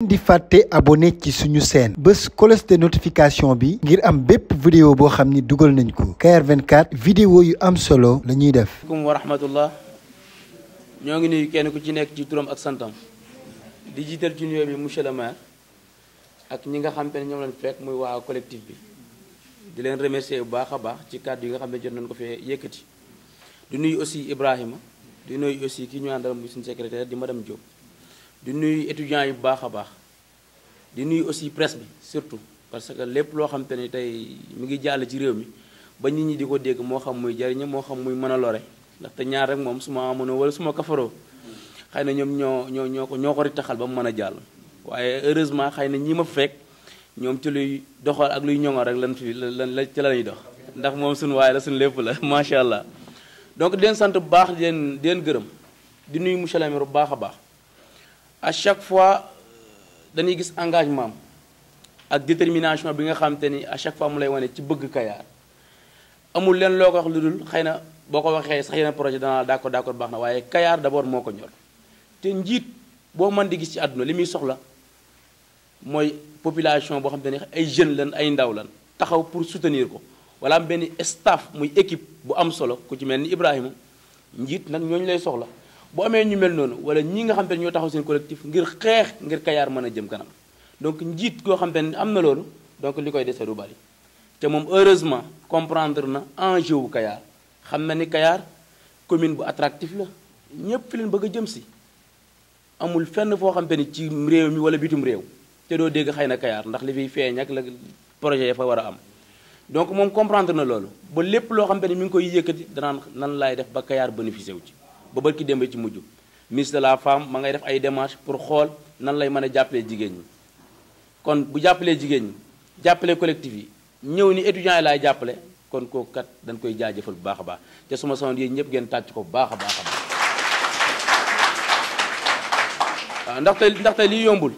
di faté abonné ci suñu chaîne bés cloche de notification bi ngir am bép vidéo bo xamni duggal nañ ko Cayar 24 vidéo yu am solo la ñuy def kum wa rahmatullah ñoo ngi nuyu kenn ku ci nekk ci turam ak santam di jiital ci nuyoo bi monsieur le maire ak ñi nga xam te ne lañ fekk muy wa collectif bi di leen remercier bu baaxa baax ci kàddu yi nga xam ne jot nañ ko fee yëkkati di nuyu aussi Ibrahima di nuyu aussi ki ñu andal muy suñu secrétaire di madame Diop di nuyu étudiants yi bu baax aussi presse surtout parce que lépp loo xam te ne tey mi ngi jàll ci réew mi ba nit ñi xam muy xam muy ñaar rek ma wala kafaroo xëy na ñoom ko ko ba mu heureusement xëy ñi ma fekk ñoom ci luy doxal ak luy donc di leen sant bu baax di à chaque fois danuy gis engagement ak détermination bi nga xam te ni a chaque fois mu lay wane ci bëgg Kayar amul leen loo ko wax lu dul xëy na boo ko waxee sax yeneen projet danaa d'accord d'accord baax na waaye kayaar d'abord moo ko ñor te njiit boo mën di gis ci àdduna li muy soxla mooy population boo xam te ni ay jeunes lan ay ndaw lan taxaw pour soutenir ko wala am benn staff muy équipe bu am solo ku ci mel ni Ibrahima njiit nag ñooñu lay soxla bu amee ñu mel noonu wala ñi nga xam te ne ñoo taxaw seen collectif ngir xex ngir kayar mëna jëm kanam donc njiit koo xam te ne am donc likoy koy du bari té mom heureusement comprendre na enjeu wu Kayaar xam na ni kayar commune bu attractif la ñepp fi leen bëgg jëm ci amul fenn fo xam te ci réew mi wala bitum réew té do dégg xëy kayar ndax li fiy feeñ ak la projet ya fa war am donc mom comprendre na lolu ba lepp lo xam te mi ngi koy yëkëti danaan nan lay def ba kayar bénéficier ci ba ki démb ci mujj ministre de la femme ma ngay def ay démarches pour xool nan lay mën a jàppalee jigéen ñi kon bu jàppalee jigéen ñi jàppale collectif yi ñëw ni étudiants yi laay jàppale kon kooku kat dañ koy jaajëfal bu baax a baax te suma sonn yéen ñëpp ngeen tàcc ko bu baax a baax a baax waaw ndaxte ndaxte lii yombul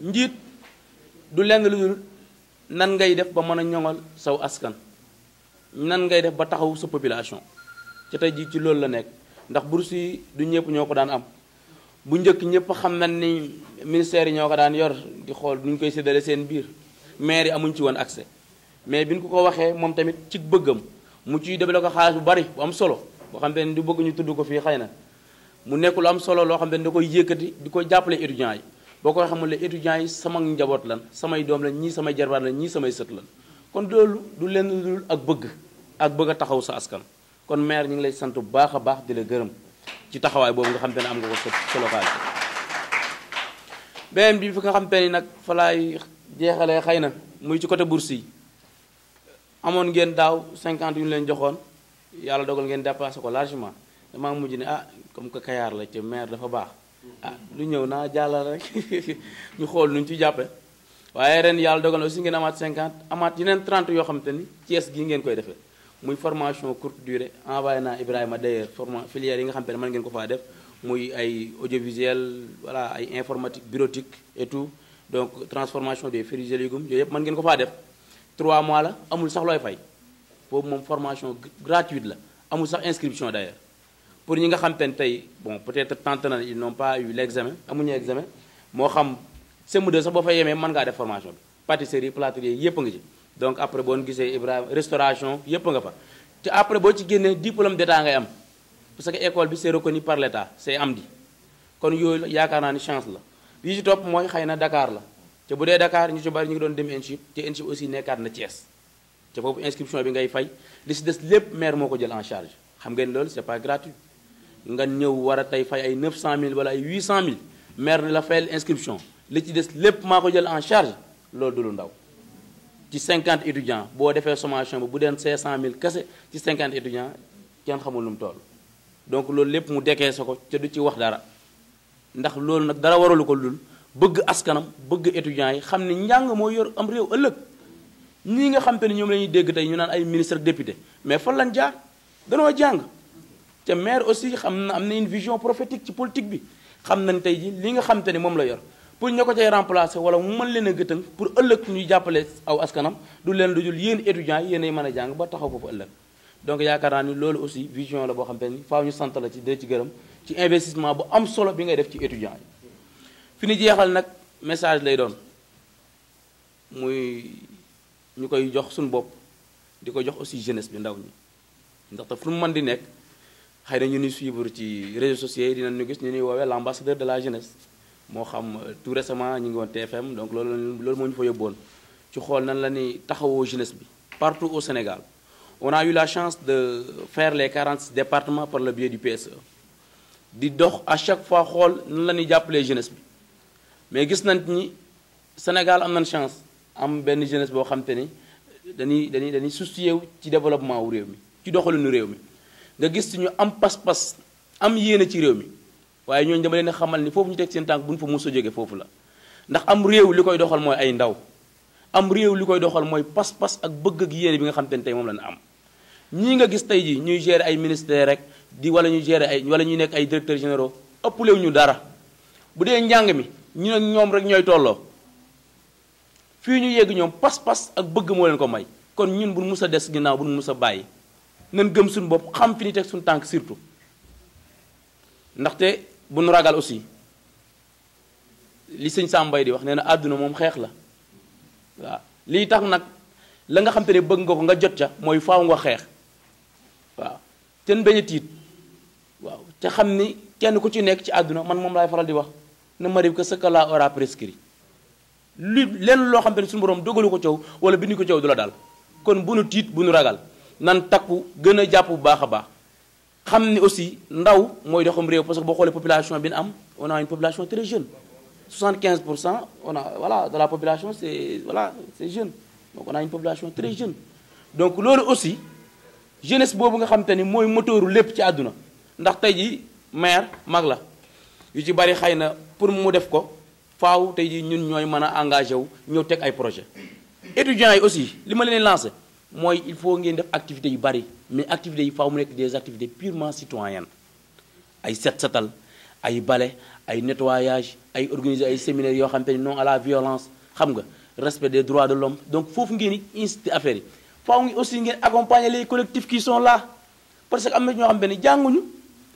njiit du leng lu dul nan ngay def ba mën a ñoŋal saw askan nan ngay def ba taxaw sa population ci tey jii ci loolu la nekk ndax bursi yi du ñëpp ñoo daan am bu njëkk ñëpp xam nañ ni ministère yi ñoo daan yor di xool nuñ koy séddale seen biir maire yi amuñ ci woon accès mais biñ ko ko waxee moom tamit ci bëggam mu ciy débale ko xaalis bu bari bu am solo bo xam ne du bëgg ñu tudd ko fii xëy mu nekk lu am solo lo xam ne da koy yëkkati di ko jàppale étudiants yi boo koy xamul ne étudiants yi sama njaboot lan samay doom lan ñii samay jarbaat lan ñii samay sët lan kon loolu du leen dul ak bëgg ak bëgg taxaw sa askan kon maire ñu ngi lay sant bu baax a baax di la gërëm ci taxawaay boobu nga xam te ne am nga ko sa local beneen bi fi nga xam ni nag fa laay jeexalee xëy na muy ci côté bourse yi amoon ngeen daaw 50 yu ñu leen joxoon yàlla dogal ngeen dépassé ko largement damaa mujj ne ah comme que kayaar la ci maire dafa baax ah lu ñëw naa jàllal rek ñu xool nuñ ci jàppe waaye ren yàlla dogal na aussi ngeen amaat 50 amaat yeneen 30 yoo xam te ni Thiès gi ngeen koy defee une formation courte durée envoyé à Ibrahima d'ailleurs formation filière yi nga xam ne mën ngeen ko def audiovisuel voilà informatique bureautique et tout donc transformation des fruits et légumes yooyu yëpp mën ngeen ko faa def mois la amul sax looy fay Pour mon formation gratuite la amul sax inscription d'ailleurs pour ñi nga xam ne bon peut-être tantôt, ils n'ont pas eu l'examen amuñu examen moo xam CM2 sax boo fa yemee mën ngaa def formation bi pâtisserie plâtrier yëpp a ngi donc après bon gisee Ibrahima restauration yëpp nga fa te après boo ci génnee diplôme d'état ngay am parce que école bi c'est reconnu par l'état c'est am di kon yooyu yaakaar naa ni chance la li ci topp mooy xëy na Dakar la te bu dee Dakar ñu ci bari ñu ngi doon dem INSHIP te INSHIP aussi nekkaat na Thiès te foofu inscription bi ngay fay li ci des lépp maire moo ko jël en charge xam ngeen loolu c'est pas gratuit nga ñëw war a tey fay ay 900000 wala ay 800000 maire ni la fayal inscription li ci des lépp maa ko jël en charge loolu du lu ndaw ci 50 étudiants boo defee sommation bi bu deen 500000 kese ci 50 étudiants kenn xamul lu mu donc loolu lépp mu te du ci wax dara ndax dara ko lul askanam bëgg étudiants yi xam ne yor am réew ëllëg ñii nga xam te ñoom dégg ñu ministre député mais fan lañ jaar danoo jàng te maire aussi xam une vision prophétique ci politique bi xam nañ tey ji li nga xam pour ña ko cay remplacer wala mu man leen a gëtëng pour ëllëg ñuy jàppale aw askanam du leen lu jul yéen étudiants yi yéenay mën a jàng ba taxaw ko fa ëllëg donc yaakaar naa ni loolu aussi vision la boo xam te ni faaw ñu sant la ci ci gërëm ci investissement bu am solo bi ngay def ci étudiants yi fi ñu jeexal nag message lay doon muy ñu koy jox suñu bopp di ko jox aussi jeunesse bi ndaw ñi ndaxte fu mu mën di nekk xëy na ñu ñuy suivre ci réseaux sociaux yi dinañu gis ñu ñuy woowee l' ambassadeur de la jeunesse moo xam euh, tout récemment ñu ngi woon TFM donc loolu loolu moo ñu fa yóbboon ci xool nan la ni taxawoo jeunesse bi partout au Sénégal on a eu la chance de faire les 46 départements par le biais du PSE di dox à chaque fois xool nan la ñuy jàppalee jeunesse bi mais gis nañ ni Sénégal am nañ chance am benn jeunesse boo xam te ni dañuy dañuy dañuy soucier ci développement wu réew mi ci doxalinu réew mi nga gis ñu am pas-pas am yéene ci réew mi waaye ñooñu dama leen xamal ni foofu ñu teg seen tànk bu ñu fa mos a jóge foofu la ndax am réew li koy doxal mooy ay ndaw am réew li koy doxal mooy pas-pas ak bëgg ak bi nga xam te ne tey am ñii nga gis tey ji ñuy gérer ay ministère rek di wala ñu gérer ay wala ñuy nekk ay directeurs généraux ëpplew ñu dara bu dee njàng mi ñu ñoom rek ñooy tolloo fii ñu yegg ñoom pas-pas ak bëgg moo leen ko may kon ñun bu mus a des ginnaaw bu mus a bàyyi nan gëm suñu bopp xam fi ni teg suñu tànk surtout ndaxte bu nu ragal aussi li sëñ sàmbay di wax nee na àdduna moom xeex la waaw lii tax nag la nga xam te ne bëgg nga ko nga jot ca faaw nga ten bañ a tiit waaw te ni kenn ku ci nekk ci àdduna man mom lay faral di wax ne m'arrive ora ce que la aura prescrit lu lenn loo xam te borom dogalu ko caw wala bindu ko caw dal, kon bu nu tiit bu nu ragal nan takku gën a bu baax baax xam aussi ndaw moi doxam réew parce que beaucoup xoolee population bien am on a une population très jeune 75 on a voilà de la population c'est voilà c'est jeune donc on a une population très jeune donc loolu aussi jeunesse beaucoup nga xam moi ni mooy motooru lépp ci àdduna ndax tey ji maire mag yu ci bari xëy pour mu def ko faaw tey ji ñun ñooy mën a engagé wu ñëw ay projet étudiants aussi li ma leen lancé moi, il faut une def activités yu mais activités il faut des activités purement citoyennes ay set satal ay balai ay nettoyage ay organiser ay séminaires yo non à la violence respect des droits de l'homme donc faut ngeen affaire yi aussi accompagner les collectifs qui sont là parce que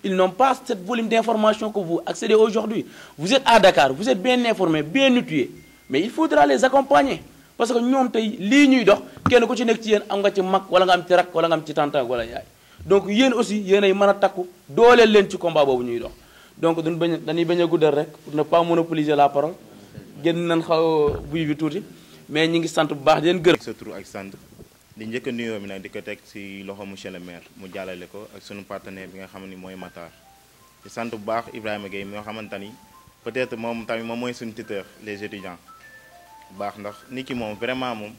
ils n'ont pas cette volume d'informations que vous accédez aujourd'hui vous êtes à Dakar vous êtes bien informés, bien nutrés. mais il faudra les accompagner parce que ñoom tey lii ñuy dox kenn ku ci nekk ci yéen am nga ci mag wala nga am ci rakk wala nga am ci tantaak wala yaay donc yéen aussi yéen ay mën a takku dooleel leen ci combat boobu ñuy dox donc duñ bañ dañuy bañ a guddal rek pour ne pas monopoliser la parole génn nañ xaw buy bi tuuti mais ñu ngi sant bu baax di leen gërëm sa tur ak sant di njëkk a nuyoo mi di ko teg si loxo monsieur le maire mu jàllale ko ak sunu partenaire bi nga xam ni mooy Matar sant bu baax Ibrahima Gueye mi nga xamante ni peut-être moom tamit moom mooy suñu tuteur les étudiants bu baax ndax nit ki moom vraiment moom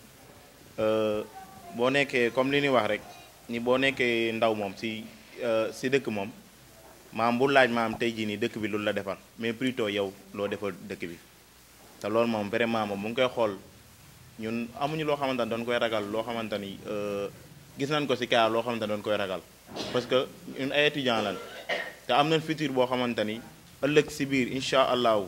euh, boo nekkee comme li ñuy wax rek ni boo nekkee ndaw moom si euh, si dëkk moom maam bu laaj maam tey jii nii dëkk bi loolu la defal mais plutôt yow loo defal dëkk bi te loolu moom vraiment moom mu ngi koy xool ñun amuñu loo xamante ne doon koy ragal loo xamante ni euh, gis nañ ko si kaa loo xamante ne doon koy ragal parce que ñun ay étudiant lan te am nañ futur boo xamante ni ëllëg si biir incha allahu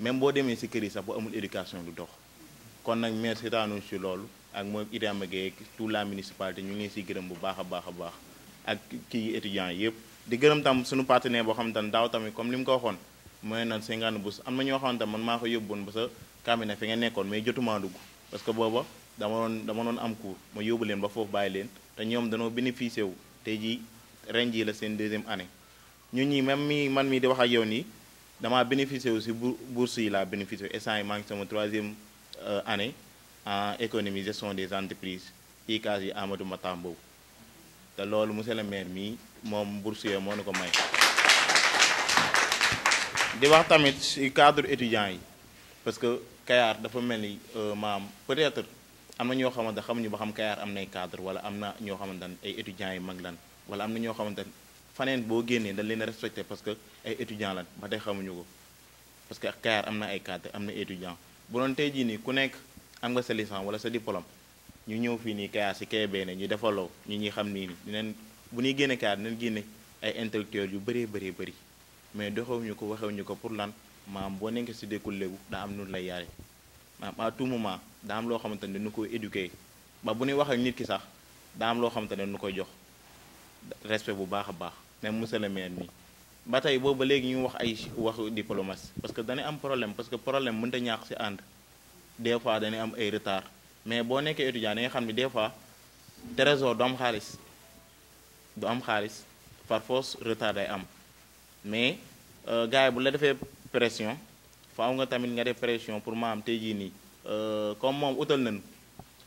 même boo demee si kër sax bu amul éducation du dox kon nag maire seetaanu si loolu ak mooy Ibrahima Gueye tout la municipalité ñu ngi si gërëm bu baax a baax a baax ak kii étudiants yëpp di gërëm tam suñu partenaire boo xamante ne daaw tamit comme li mu ko waxoon mooy naan 50 bus am na ñoo xamante man maa ko yóbbuwoon ba sa cabinet fi nga nekkoon may jotumaa dugg parce que booba dama doon dama doon am cours ma yóbbu leen ba foofu bàyyi leen te ñoom danoo bénéficié wu tey jii ren la seen deuxième année ñun ñi même mi man mii di wax ak yow nii damaa bénéficier aussi bourse yi laa bénéficier instant il maa ngi sama troisième euh, année en économie gestion des entreprises ICAS yi Amadou Matam boobu te loolu monsieur le maire mii moom boursier, yooyu moo nu ko may di wax tamit ci cadre étudiant parce que Kayar dafa mel ni euh, maam peut-être amna na ñoo xamante xamuñu ba xam Kayar am nay cadre wala amna na ñoo xamante ay étudiants yi mag lan wala amna na ñoo xamante faneen boo génnee dañ leen respecté parce que ay étudiants lan ba tey xamuñu ko parce que Kayar am na ay cadre am na étudiant bu doon tey jii nii ku nekk am nga sa licence wala sa diplôme ñu ñëw fii nii Kayar si Kébé ne ñu defaloo ñi ñuy xam nii ni dinañ bu ñuy génne Kayar dinañ génne ay intellectuels yu bëree bëree bëri mais doxewuñu ko waxewuñu ko pour lan maam boo nekkee si dékkul léegu daa am nun lay yaare maam à tout moment daa am loo xamante ne nu koy éduquer ba bu ñuy wax ak nit ki sax daa loo xamante ne nu koy jox respect bu baax a baax même monsieur le maire nii ba tey boobu ba léegi ñu wax ay waxu diplomatie parce que dañuy am problème parce que problème mënut a ñaax si ànd des fois dañuy am ay retard mais boo nekkee étudiant da nga xam ne des fois trésor du am xaalis du am xaalis par force retard day am mais euh, gars bu la defee pression faaw nga tamit nga def pression pour ma am tey jii nii euh, comme moom utal nañu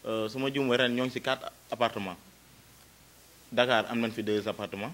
euh, su ma juumee ren ñoo ngi si quatre appartement Dakar am na fi deux appartements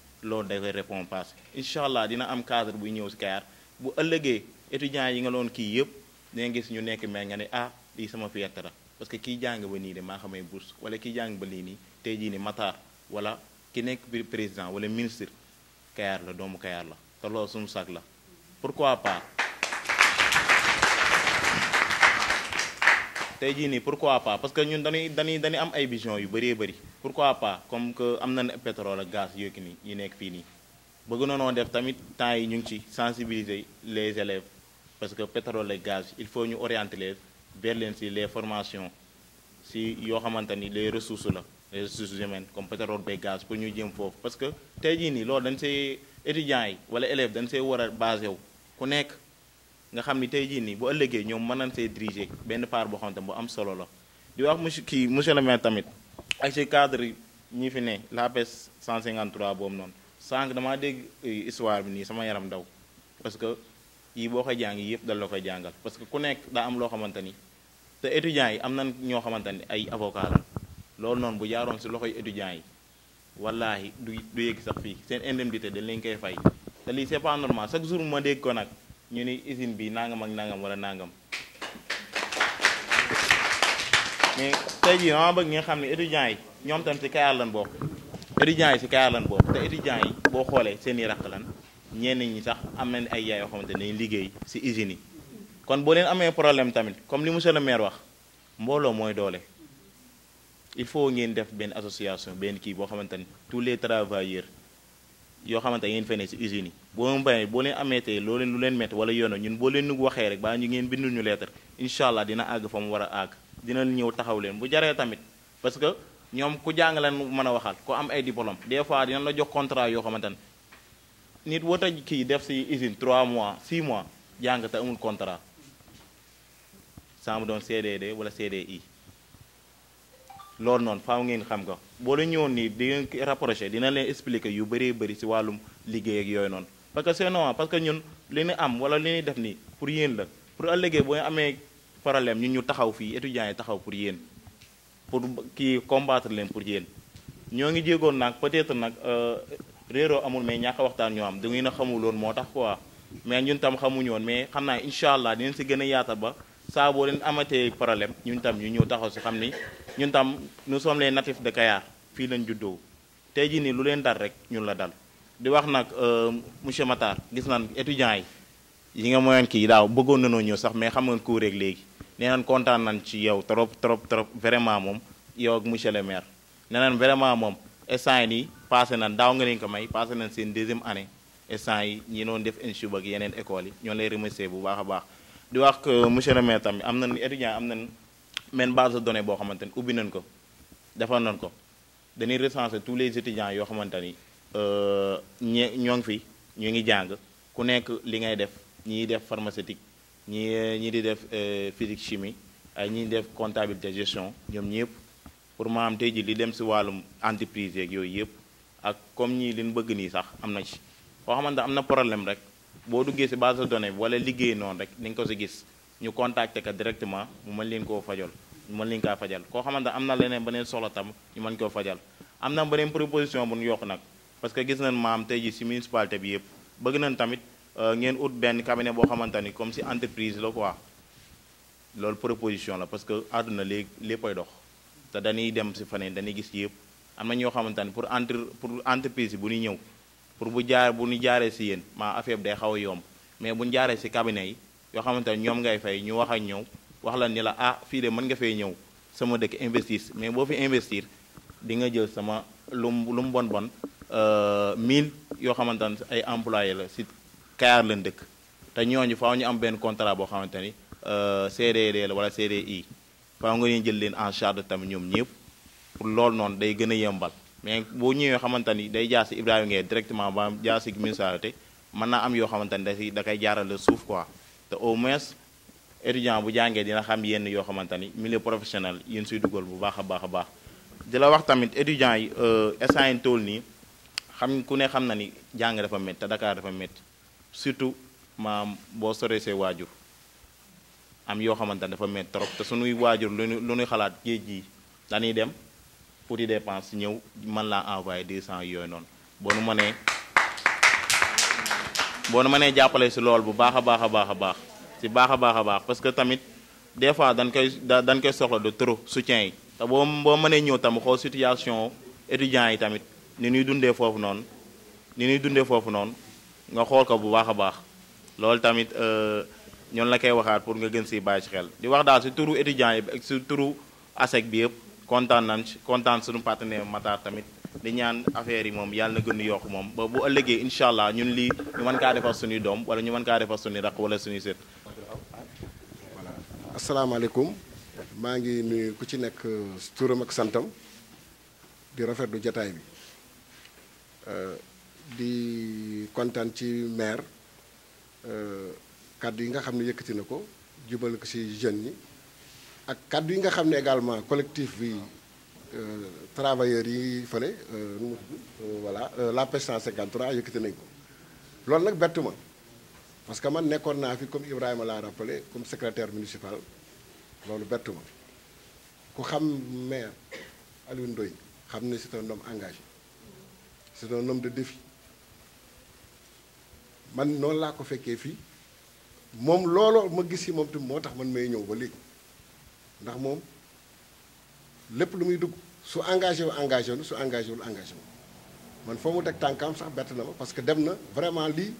loolu day koy récompense incha allah dina am cadre buy ñëw si Kayar bu ëllëgee étudiants yi nga doon kii yëpp dina gis ñu nekk mais nga ne ah lii sama fierté la parce que kii jàng ba nii de maa xamay bourse wala kii jàng ba lii nii tey jii ni Matar wala ki nekk président wala ministre Kayar la doomu kayaar la te loolu suñu sag la pourquoi pas pourquoi pas parce que ñun vision pourquoi pas comme que am pétrole gaz yi nekk fii sensibiliser les élèves parce que pétrole gaz il faut orienter les formations si les ressources ressources humaines comme pétrole gaz pour ñu jëm parce que see étudiants yi wala élèves dañ see war a nga xam ni tey jii nii boo ëllëgee ñoom mën nañ see diriger benn part boo xam ne bu am solo la di wax monsieur kii monsieur le maire tamit ak ci cadre yi ñi fi ne l'APS 153 boobu noonu sànq damaa dégg eh, histoire bi nii sama yaram daw parce que yii boo koy jàng yëpp dal loo koy jàngal parce que ku nekk daa am loo xamante ni te étudiants yi am nañ ñoo xamante ni ay avocat la loolu noonu bu jaaroon si loxoy étudiants yi wallaahi du du yëg sax fii seen indemnité dañ leen koy fay te lii c'est pas normal chaque jour ma ko nag ñu ni usine bi nangam ak nangam wala nangam mais tey jii dama bëgg nga xam ne étudiants yi ñoom tam ci Kayar lan bokk étudiants yi ci Kayar lan bokk te étudiants yi boo xoolee seen i raq lan ñenn ñi sax am nañ ay yaay yoo xamante ne liggéey ci usines yi kon boo leen amee problème tamit comme li monsieur le maire wax mbooloo mooy doole il faut ngeen def benn association benn kii boo xamante ni tous les travailleurs. yoo xamante ngeen fene si usines yi boo mu bañee boo leen amee te loo lu leen métti wala yoon ñun boo leen nu waxee rek baa ñu ngeen bindu ñu lettre incha allah dina àgg fa mu war a àgg dina ñëw taxaw leen bu jaree tamit parce que ñoom ku jàng leen mën a waxal ku am ay diplôme des fois dina la jox contrat yoo xamante ne nit wota kii def si usine trois mois 6 mois jàng te amul contrat saamu doon CDD wala CDI loolu noonu faaw ngeen xam ko boo la ñëwoon nii di ngeen rapproché dina leen expliquer yu bëree bëri si wàllum liggéey ak yooyu noonu parce que c'est normal parce que ñun li ñu am wala li ñuy def nii pour yéen la pour ëllëgee boo amee problème ñun ñu taxaw fii étudiants yi taxaw pour yéen pour kii combattre leen pour yéen ñoo ngi jéegoon nag peut-être nag euh, réeroo amul mais ñàkk waxtaan ñoo am da ngeen a xamul woon moo tax quoi mais ñun woon mais xam naa incha allah dinañ si gën a yaata ba saa boo leen amatee problème ñun tam ñu ñëw taxaw si xam ni ñun tam nu sommes les de Kayar fii lañ juddoo tey jii nii lu leen dal rek ñun la dal di wax nag euh, monsieur Matar gis naan étudiants yi yi nga moyoon kii daaw bëggoon nanoo ñëw sax mais xam nga ku rek léegi nee kontaan nañ ci yow trop trop trop vraiment moom yow ak monsieur le maire nee naan vraiment moom instant yi nii passé nañ daaw nga leen ko may passé nañ seen deuxième année instant yi ñi doon def inchub ak yeneen écoles yi ñoo lay remercier bu baax a baax di wax que monsieur le maire tamit am nañ étudiant am nañ men base de boo xamante ni ubbi nañ ko defar nañ ko dañuy recenser tous les étudiants yoo xamante ni euh, ñe ñoo ngi fi ñu ngi jàng ku nekk li ngay def ñii def pharmaceutique ñi ñi di def euh, physique chimie ay ñi def comptabilité gestion ñoom ñëpp pour maanaam tey ji li dem si wàllum entreprise yeeg yooyu yëpp ak comme ñii liñ bëgg nii sax am na ci koo xamante am na problème rek boo duggee si base de données wala liggéey noonu rek ni ko si gis ñu contacter ka directement mu mën leen koo fajal mu mën leen kaa fajal koo xamante am na leneen beneen solo tam ñu mën koo fajal am na beneen proposition bu ñu yokk nag parce que gis nañ maam tey ji si municipalité bi yëpp bëgg nañ tamit euh, ngeen ut benn cabinet boo xamante ni comme si entreprise la quoi loolu proposition la parce que àdduna léegi léppay dox te dañuy dem si faneen dañuy gis yëpp am na ñoo xamante ni pour entre pour entreprise yi bu ñuy ñëw pour bu jaar bu nu jaaree si yéen maa affaire bi day xaw a yomb mais bu ñu jaaree si cabinet yi yoo xamante ne ñoom ngay fay ñu wax ak ñëw wax la ni la ah fii de mën nga fay ñëw sama dëkk investir mais boo fi investir di nga jël sama lu mu bon bon euh, mille yoo xamante ne ay employé la si Kayar leen dëkk te ñooñu faaw ñu am benn contrat boo xamante ni euh, CDD la wala CDI faaw nga ñu jël leen en charge tamit ñoom ñëpp pour loolu noonu day gën a yembal. mais boo ñëwee xamante ni day jaar si Ibrahima Gueye directement ba jaar si municipalité mën naa am yoo xamante ni da si da jaarale suuf quoi te au moins étudiant bu jàngee dina xam yenn yoo xamante ni milieu professionnel yéen suy dugal bu baax a baax a baax di wax tamit étudiants yi euh, instant yi tool nii xam ku ne xam na ni jàng dafa met te Dakar dafa métti surtout maam boo soree see waajur am yoo xamante ni dafa métti trop te sunuy waajur lu nu lu nuy xalaat géej gi dañuy dem uti dépense ñëw man laa envoyé 200 yooyu noonu boo nu mënee boo nu mënee jàppale si lool bu baax a baax a baax a baax si baax a baax baax parce que tamit des fois dañ koy dañ koy soxla de trop soutien yi te boo boo mënee ñëw tamit xool situation étudiants yi tamit ni ñuy dundee foofu noonu ni ñuy dundee foofu noonu nga xool ko bu baax a baax loolu tamit euh, ñoon la koy waxaat pour nga gën si bàyyi si xel di wax daal si turu étudiants yi si turu ASEC bi yëpp kontaan nañ ci kontaan suñu partenaire Matar tamit di ñaan affaire yi moom yàlla na gën a yokk moom ba bu ëllëgee incha allah ñun lii ñu mën kaa defar sunuy doom wala ñu mën kaa defar suñuy rakk wala suñuy sët. voilà asalaamaaleykum maa ngi nuyu ku ci nekk euh, turam ak santam di rafet rafetlu jataay bi euh, di kontaan ci maire euh, kàddu yi nga xam ne yëkkati na ko jubal ko ci jeunes yi. ak kaddu yi nga xam ne également collectif bi euh, travailleurs yi fële euh, euh, voilà l'APS 153 yëkkati nañ ko loolu nag bettu ma parce que man nekkoon naa fi comme Ibrahima l'a rappelé comme secrétaire municipal loolu bettu ma ku xam maire Aliou Ndoye xam ne c'est un homme engagé c'est un homme de défi man noonu laa ko fekkee fii moom looloo ma gis yi moom tamit moo tax man may ñëw ba léegi ndax moom lépp lu muy dugg su engagé wu engagé wu su engagé wul man foo mu teg tànkam sax bett na ma parce que dem na vraiment lii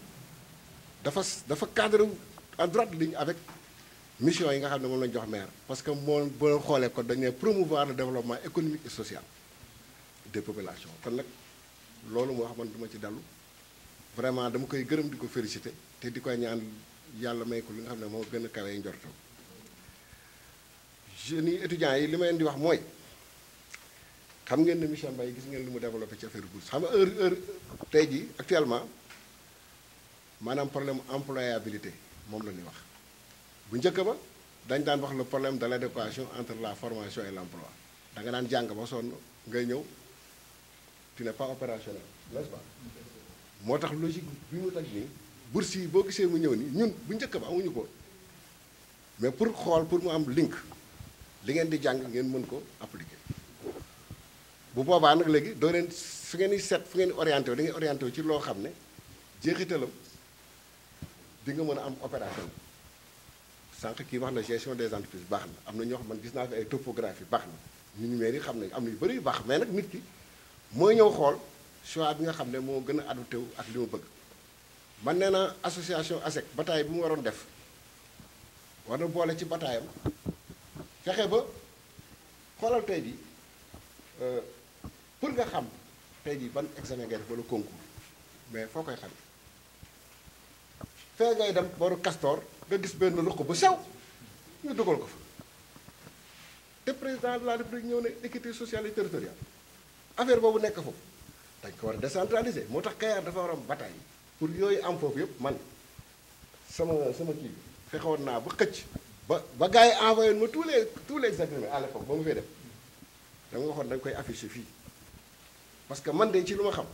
dafa dafa cadre en droite ligne avec mission yi nga xam ne moom la jox maire parce que moom boo xoolee ko dañ ne promouvoir le développement économique et social des populations kon nag loolu moo xamante duma ci dellu vraiment dama koy gërëm di ko féliciter te di koy ñaan yàlla may ko li nga xam ne moo gën a kawee njortam jeunes yi étudiants yi li ma leen di wax mooy xam ngeen ne Michel Mbaye gis ngeen li mu développé ci affaire bourse xam nga heure heure tey jii actuellement maanaam problème employabilité moom la ñuy wax bu njëkk ba dañ daan wax le problème de l' adéquation entre la formation et l' emploi da nga daan jàng ba sonn ngay ñëw tu n'es pas opérationnel nest moo tax logique bi mu taj nii bourse yi boo gisee mu ñëw nii ñun bu njëkk ba amuñu ko mais pour xool pour mu am link li ngeen di jàng ngeen mën ko appliquer bu boobaa nag léegi doo leen fi ngeen di seet fi ngeen di orienté wu da wu ci loo xam ne jeexitalam di nga mën a am opération sànq kii wax na gestion des entreprises baax na am na ñoo xam man gis naa fi ay topographie baax na ñun mairie xam nañ am na yu bëri yu baax mais nag nit ki mooy ñëw xool choix bi nga xam ne moo gën a adopté wu ak li mu bëgg man nee na association ASEC bataille bu mu waroon def war na boole ci bataayam fexe ba xoolal tey bi euh, pour nga xam tey bi ban examen ngay def wala concours mais foo koy xam fee ngay dem war booru Castor nga gis benn ruq bu sew ñu dugal ko fa te président de la République ñëw ne équité sociale et territoriale affaire boobu nekk foofu dañ ko war a décentraliser moo tax Kayar dafa war a bataille pour yooyu am foofu yëpp man sama sama kii bi fexewoon naa ba xëcc ba ba gars yi envoyé ma tout les tous les agréments à l'époque ba mu fay def dama waxoon da nga koy affiché fii parce que man de ci lu ma xam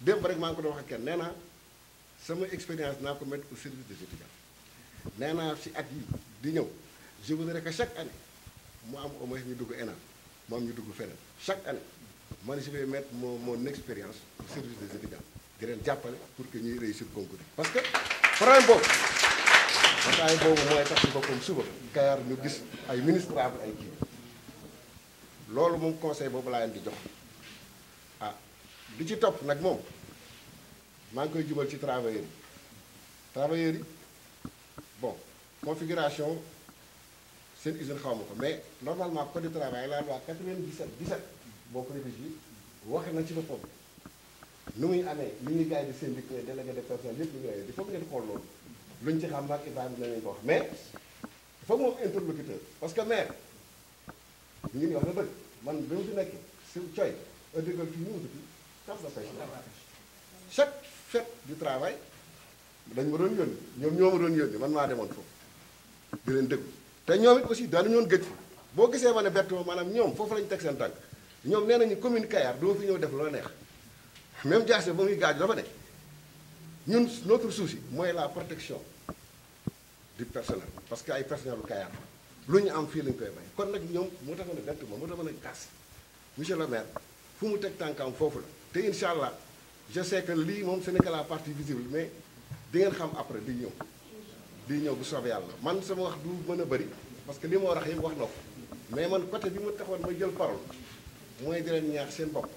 démb rek maa ngi ko doon wax ak kenn nee naa sama expérience naa ko mettre au service des étudiants nee naa si at yi di ñëw je voudrais que chaque anne mu am au moins ñu dugg ENA mu am ñu dugg feneen chaque année man je vais mettre mon mon expérience au service des étudiants di jàppale pour que ñuy réussir concours parce que problème bataay boobu mooy tax suba comme suba Kayar ñu gis ay ministrable ay kii loolu moom conseil boobu laa leen di jox ah li ci topp nag moom maa ngi koy jubal ci travailleurs yi travailleurs yi bon configuration seen usine xaw ma ko mais normalement code du travail la loi 97 17 boo ko rédigé wax na ci boppam nu muy amee mi ngi gars yi di syndic délégué de personnel yëpp ñu ngi lay di foog ngeen xool loolu lu ñu ci xam nag Ibrahima dinañ ko wax mais foog moom interlocuteur parce que maire ñu ngi wax na dëgg man bi mu fi nekk si coy indigal fii ñu ngi carte de pêche chaque fête du travail dañ ma doon yónni ñoom ñoo ma doon yónni man maa demoon foofu di leen déglu te ñoom it aussi daanu ñoon gëj boo gisee ma ne bett ma maanaam ñoom foofu lañu teg seen tànk ñoom nee nañu commune Kayar doo fi ñëw def loo neex même jaase ba muy gaaj dafa ne ñun notre souci mooy la protection du personnel parce que ay personnel lu lu ñu am fii lañ koy bay kon nag ñoom moo tax ma ne benn moo tax ma a gas monsieur le maire fu mu teg tànkam foofu la te incha allah je sais que lii moom ce n'est que la partie visible mais di ngeen xam après di ñëw di ñëw bu soobee yàlla man sama wax du mën a bëri parce que li ma war a wax yëpp wax na ko mais man côté bi mu taxoon ma jël parole mooy di leen ñaax seen bopp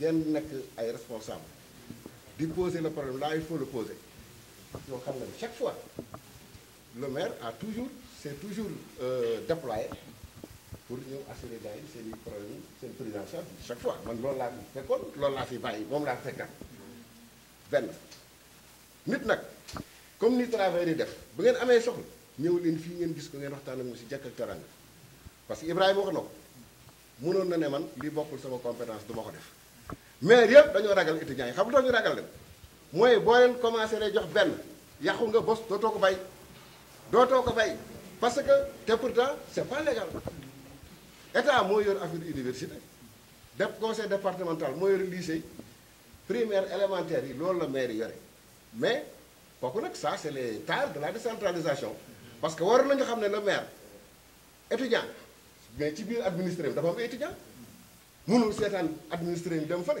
ngeen nekk ay responsable déposer le problème là il faut le poser chaque fois le maire a toujours c'est toujours euh, déployé pour nous assurer d'ailleurs c'est le problème c'est chaque fois man l'a fait fi on l'a fait quand. nit maintenant comme nous travaillons, vous def bu ngeen nous, a ñëw leen fii ngeen gis ko parce que Ibrahim, wax na ne man li compétence de maire yëpp dañoo ragal étudiants yi xam nga ñu ragal mooy boo leen commencé lay jox benn yàqu nga bos dootoo ko bay dootoo ko bay parce que te pourtant c'est pas légal état moo yor affaire université def conseil départemental moo yor lycée primaire élémentaire yi loolu la maire yore mais kooku nag ça c'est les tares de la décentralisation parce que waroon nañu xam ne le maire étudiant mais ci biir administré bi dafa am étudiant mënul seetaan administré bi dem fële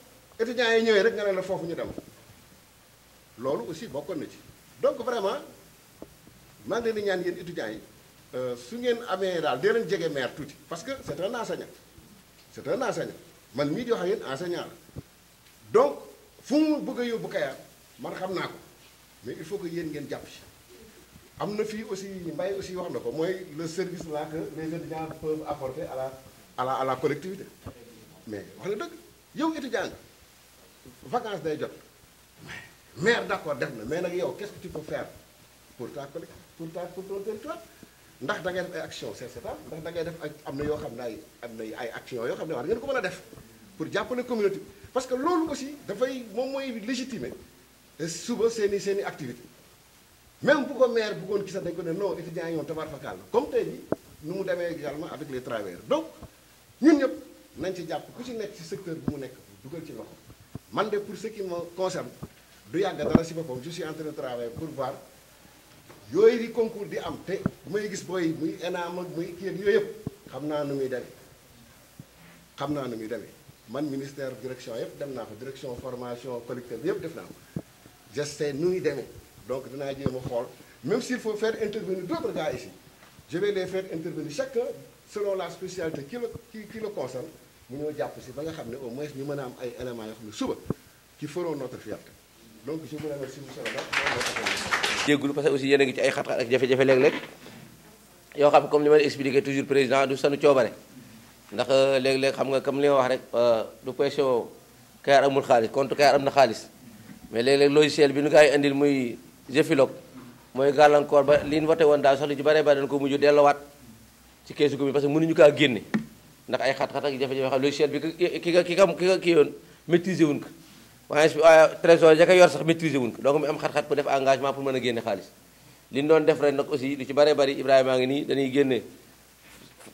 étudiants yi ñëwee rek nga ne la foofu ñu dem loolu aussi bokkoon na ci donc vraiment maa ngi leen di ñaan yéen étudiants yi euh, su ngeen amee daal dee leen jege maire tuuti parce que c'est un enseignant c'est un enseignant man mii di wax ak yéen enseignant la donc fu mu bëgg a yóbbu Kayar man xam naa ko mais il faut que yéen ngeen jàpp ci am na fii aussi mbay aussi wax na ko mooy le service là que les étudiants peuvent apporter à la à la collectivité mais wax na dëgg yow étudiant nga vacances day jot maire d'accord def na mais nag yow qu'est-ce que tu peux faire pour ta collectivité pour ta pour ton territoire ndax da ngay def ay action c'est ça ndax da ngay def ay am na yoo xam ne ay am na ay action yoo xam ne war ngeen ko mën a def pour jàppale communauté bi parce que loolu aussi dafay moom mooy légitimer suba seen i seen i activité même bu ko maire bëggoon gis dañ ko ne non étudiants yi ñoom tabaar fakal la comme tey jii nu mu demee également avec les travailleurs donc ñun ñëpp nañ ci jàpp ku ci nekk ci secteur bu mu nekk dugal ci loxo man pour ce qui me concerne du dara si je suis en train de travailler pour voir yooyu le concours di am te may gis boy muy ENAM ak muy kii yoyep xamna nu muy demee xamna nu muy man ministère direction yep dem ko direction formation collecteur yep yëpp def naa ko je sais nu muy donc dina jéem xol même s'il faut faire intervenir d'autres gars ici je vais les faire intervenir chacun selon la spécialité qui le qui le concerne ñu ñoo jàpp si ba nga xam ne au moins ñu mën a am ay éléments yoo xam ne suba qui feront notre fierté donc je vous remercie monsieur le maire. jéggul aussi yéen a ngi ci ay xat-xat ak jafe-jafe léeg xam comme li ma expliqué toujours président du sanu coobare ndax euh, léeg-léeg xam nga comme li ma wax rek euh, du question Kayar amul xaalis compte Kayar am na xaalis mais léeg-léeg logiciel bi nu gaa indil muy Gefilog mooy gàllankoor ba li ñu voté woon daal sax lu ci bëree bëri dañ ko mujj delluwaat ci keesu commune parce que ñu kaa génne. ndax ay xat-xat ak jafe-jafe xam logiciel bi ki ka ki ka ki ka yoon maîtriser wuñ ko waaye trésor ya koy yor sax maîtriser wuñ ko donc mu am xat-xat pour def engagement pour mën a génne xaalis li ñu doon def ren nag aussi lu ci bare bëri Ibrahima a ngi nii dañuy génne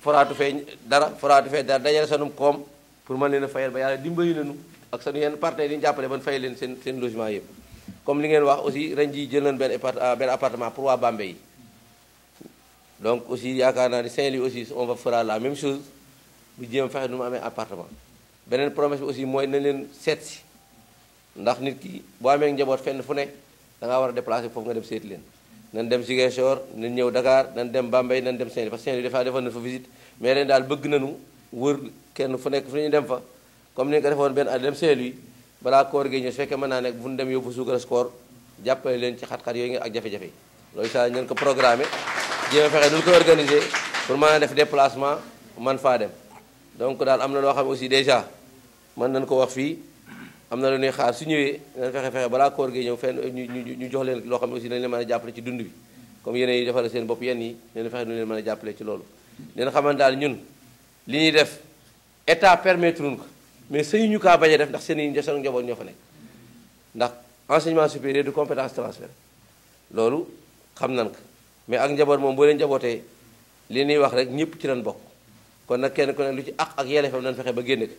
foraatu fee dara foraatu fee dara dajale sanum koom pour mën leen a fayal ba yàlla dimbali nañu ak seen yenn partenaires yi ñu jàppale ban fay leen seen seen logement yëpp comme li ngeen wax aussi ren jii jël nañ benn euh, benn appartement pour waa Bambey yi donc aussi yaakaar naa ne Saint-Louis aussi on va bu jéem fexe nu mu amee appartement beneen promesse bi aussi mooy na leen seet si ndax nit ki boo amee njaboot fenn fu ne da ngaa war a déplacer foofu nga dem seeti leen nan dem Ziguinchor nan ñëw Dakar nan dem Bambey nan dem Saint-Louis parce que Saint-Louis defoon nañ fa visite mais leen daal bëgg nañu wër kenn fu nekk fu ñu dem fa comme ni ko defoon benn at dem saint balaa koor gi ñëw su fekkee mën naa nekk bu ñu dem yóbbu suukar koor jàppale leen ci xat-xat yooyu nga ak jafe-jafe loolu saa ñu ko programmé jéem a fexe nu ñu ko organisé pour mën a man faa dem donc daal am na loo xam ne aussi déjà mën nañ ko wax fii am na lu ñuy xaar su ñëwee dañ fexe fexe balaa koor gi ñëw fenn ñu ñu jox leen loo xam ne aussi dañ leen jàppale ci dund comme yéen yi defal seen bopp yenn yi leen fexe nu leen a jàppale ci loolu leen xamante ñun li ñuy def état permettre ko mais sëñu ñu kaa bañ def ndax seen i seen njaboot ñoo fa nekk ndax enseignement supérieur de compétence transfert loolu xam nan ko mais ak njaboot moom boo leen njabootee li nuy wax rek ñëpp ci lañ bokk kon nag kenn ku ne lu ci àq ak yelleefam nañ fexe ba génne ko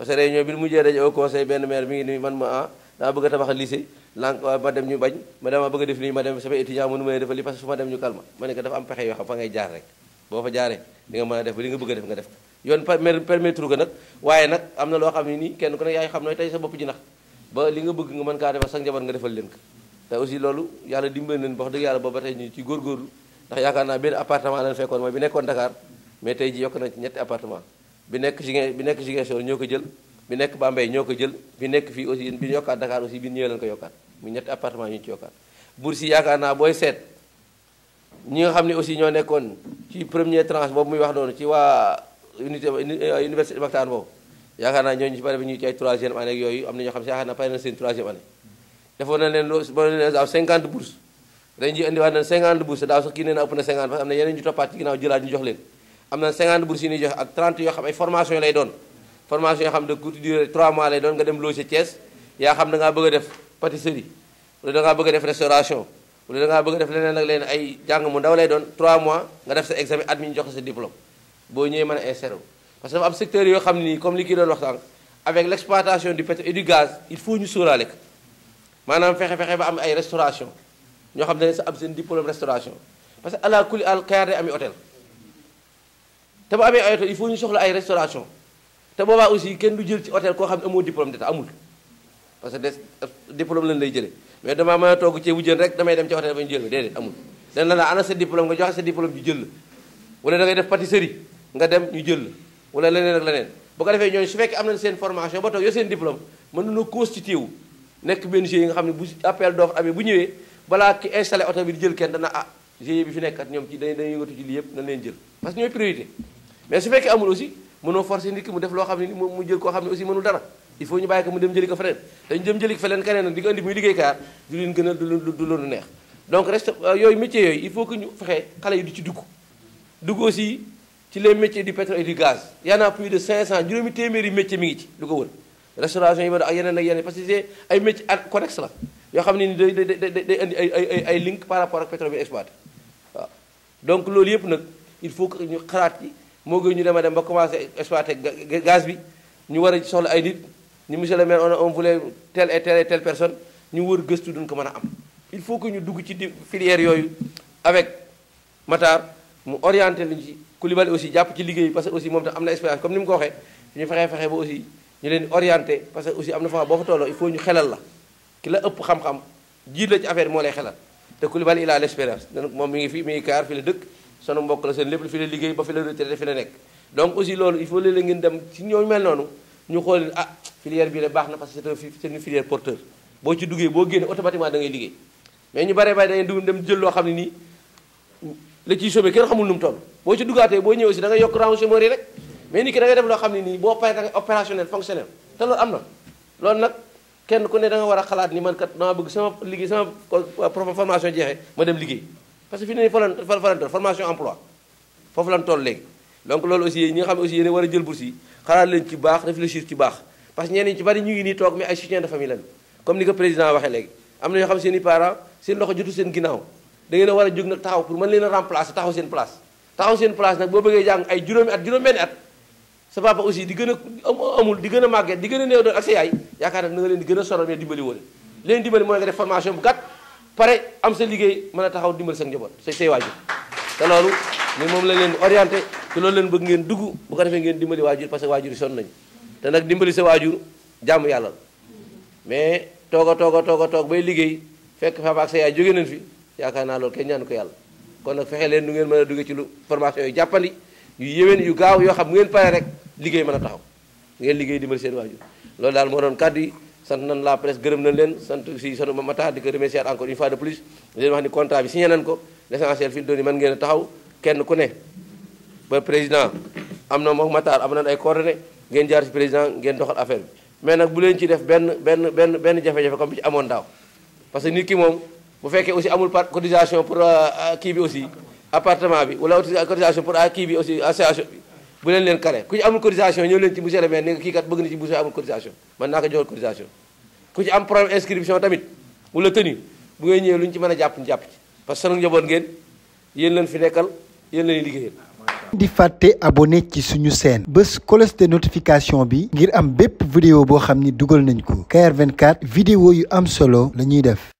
parce que réunion bi mu mujjee daje au conseil benn maire mi ngi ni man ma ah dama bëgg a tabaxal lycée lank ma dem ñu bañ ma dama bëgg a def lii ma dem sama étudiant mënu ma defal lii parce que su ma dem ñu kalma ma ne ko dafa am pexe yoo xam fa ngay jaar rek boo fa jaaree di nga mën a def ba li nga bëgg a def nga def yoon permettre ko nag waaye nag am na loo xam ne nii kenn ku ne yaay xam nooy tey sa bopp ji nax ba li nga bëgg nga mën kaa defal sax njaboot nga defal leen ko te aussi loolu yàlla dimbali leen ba wax dëgg yàlla booba tey ñu ci góorgóorlu ndax yaakaar naa benn appartement lañ fekkoon mooy bi nekkoon Dakar mais tey ji yokk nañ ci ñetti appartement bi nekk Ziguinchor bi nekk Ziguinchor ñoo ko jël bi nekk Bambey ñoo ko jël bi nekk fii aussi bi ñu yokkaat Dakar aussi bi ñëwee leen ko yokkaat mu ñetti appartement yu ñu ci yokkaat bourse yi yaakaar naa booy seet ñi nga xam ne aussi ñoo nekkoon ci premier tranche boobu muy wax noonu ci waa unité euh, université Mactaan boobu yaakaar naa ñooñu ci bari bi ñu ci ay troisième année ak yooyu am na ñoo xam si yaakaar pare na seen troisième année defoon na leen 50 bourse ren ji indiwaat na 50 bourse daaw sax kii nee na na 50 parce que am na yeneen ñu toppaat ci ginnaaw jëlaat ñu jox leen amna na 50 bourses yu ñuy joxe ak 30 yoo xam ay formation lay doon formation yoo xam de courte durée 3 mois lay doon nga dem loger Thiès yaa xam da ngaa bëgg a def pâtisserie wala da ngaa bëgg a def restauration wala da ngaa bëgg a def leneen ak leneen ay jàng mu ndaw lay doon 3 mois nga def sa examen at mi ñu joxe sa diplôme boo ñëwee mën a insérer parce que am secteur yoo xam ni comme li kii doon wax sànq avec du pétrole et du gaz il faut ñu ba am ay restauration xam sa am diplôme restauration parce que ala kuli al xayaar day ami hôtel te bu amee ay hôtel il faut ñu soxla ay restauration te boobaa aussi kenn du jël ci hôtel koo xam ne amoo diplôme d'état amul parce que des diplôme lañ lay jëlee mais damaa mën a togg ceebu jën rek damay dem ci hôtel ba ñu jël déedéet amul dañ la ana sa nga def pâtisserie nga dem ñu jël la wala leneen ak leneen bu defee ñooñu su fekkee am nañ seen formation ba toog yoo seen diplôme mën nañoo constitué wu nekk benn GIE yi nga xam ne bu appel d'offre amee bu ñëwee balaa ki installé hôtel bi kenn dana ah bi fi nekkat ñoom ci dañuy yëngatu yëpp nañ leen jël mais su fekkee amul aussi mënoo forcer nit ki mu def loo xam ne mu jël koo xam ne aussi mënul dara il faut ñu bàyyi ko mu dem jëli ko feneen dañu dem jëli ko feneen keneen nag di ko andi muy liggéey kaar du leen gënal du du loolu neex donc reste euh, yooyu métiers yooyu il faut que ñu fexe xale yi du ci dugg dugg aussi ci les métiers du pétrole et du gaz y en a plus de 500 juróomi téeméeri métier mi ngi ci lu ko wër restauration yi ma ak yeneen ak yeneen parce que c'est ay métiers ak connexe la yoo xam ne ni day day day andi ay ay ay link par rapport ak pétrole bi exploité waaw donc loolu yëpp nag il faut que ñu xalaat ci moo gën ñu dem a dem ba commencé exploiter gaz bi ñu war a soxla ay nit ñu monsieur le maire on on voulait telle et telle et telle personne ñu wër gëstu duñ ko mën a am. il faut que ñu dugg ci filière yooyu avec Matar mu orienté luñ ci Coulibaly aussi jàpp ci liggéey parce que aussi moom tam am na expérience comme ni mu ko waxee ñu fexe fexe ba aussi ñu leen orienté parce que aussi am na fa boo fa tolloo il faut ñu xelal la ki la ëpp xam-xam jiit la ci l' expérience moom mi ngi fi mi sunu mbokk la seen lépp fi la liggéey ba fi la retraité fi la nekk donc aussi loolu il faut léeg ngeen dem ci ñoo mel noonu ñu xool ah filière bii la baax na parce que c'est une filière porteur boo ci duggee boo génne automatiquement da ngay liggéey mais ñu baree bari da ngay dem jël loo xam ne nii la ciy sobe kenn xamul nu mu toll boo ci duggaatee boo ñëwee si da ngay yokk range mori rek mais nit ki da ngay def loo xam ne nii boo paree kenn ku ne da nga war a xalaat ni man kat dama bëgg sama liggéey sama formation jeexee ma dem parce que fi ne nii fa formation emploi foofu lan toll léegi donc loolu aussi ñi nga xam ne aussi yéen a war a jël bourse yi xalaat leen ci baax réfléchir ci baax parce que ñenn ñi ci bari ñu ngi nii toog mais ay soutien de famille lañu comme ni ko président waxee léegi am na ñoo xam seen i parents seen loxo jotu seen ginnaaw da ngeen a war a taxaw pour mën leen remplacer taxaw seen place taxaw seen place nag boo bëggee jàng ay juróomi at juróom benn at sa papa aussi di gën a amul di gën a màgget di gën a néew doon ak sa yaay yaakaar na nga leen di gën a soral mais dimbali wala leen dimbali mooy nga def formation bu gàtt pare am sa liggéey mën a taxaw dimbal sa njaboot say say waajur te loolu ni moom la leen orienté te loolu leen bëgg ngeen dugg bu ko defee ngeen dimbali waajur parce que waajur yi sonn nañu te nag dimbali sa waajur jàmm yàlla mais toog a toog a toog a toog bay liggéey fekk papa ak sa yaay jóge nañ fi yaakaar naa lool kenn ñaan ko yàlla kon nag fexe leen du ngeen mën a duggee ci lu formation yu jàppandi yu yéwén yu gaaw yoo xam ngeen pare rek liggéey mën a taxaw ngeen liggéey dimbali seen waajur yi sant nañ la presse gërëm nañ leen sant si sanu ma mata di ko remercier encore une fois de plus di leen wax ni contrat bi signé nañ ko l'essentiel fi mu toll nii mën ngeen a taxaw kenn ku ne ba président am na moom Matar am nañ ay coordonnées ngeen jaar si président ngeen doxal affaire bi mais nag bu leen ci def benn benn benn benn jafe-jafe comme bi ci amoon daaw parce que nit ki moom bu fekkee aussi amul par cotisation pour euh, kii bi aussi appartement bi wala cotisation pour kii bi aussi association bi bu leen leen kare ku ci amul cotisation ñëw leen ci monsieur le maire ni nga kii kat bëgg na ci monsieur amul cotisation man naa ko joxal cotisation ku ci am problème inscription tamit wala vous bu ngay ñëwee vous ci mën a jàpp ci parce que njaboot ngeen yéen leen fi nekkal yéen liggéeyal. di abonné ci suñu chaîne bés notification bi ngir am bépp vidéo boo ni dugal nañ ko. KR24 vidéo yu am solo def.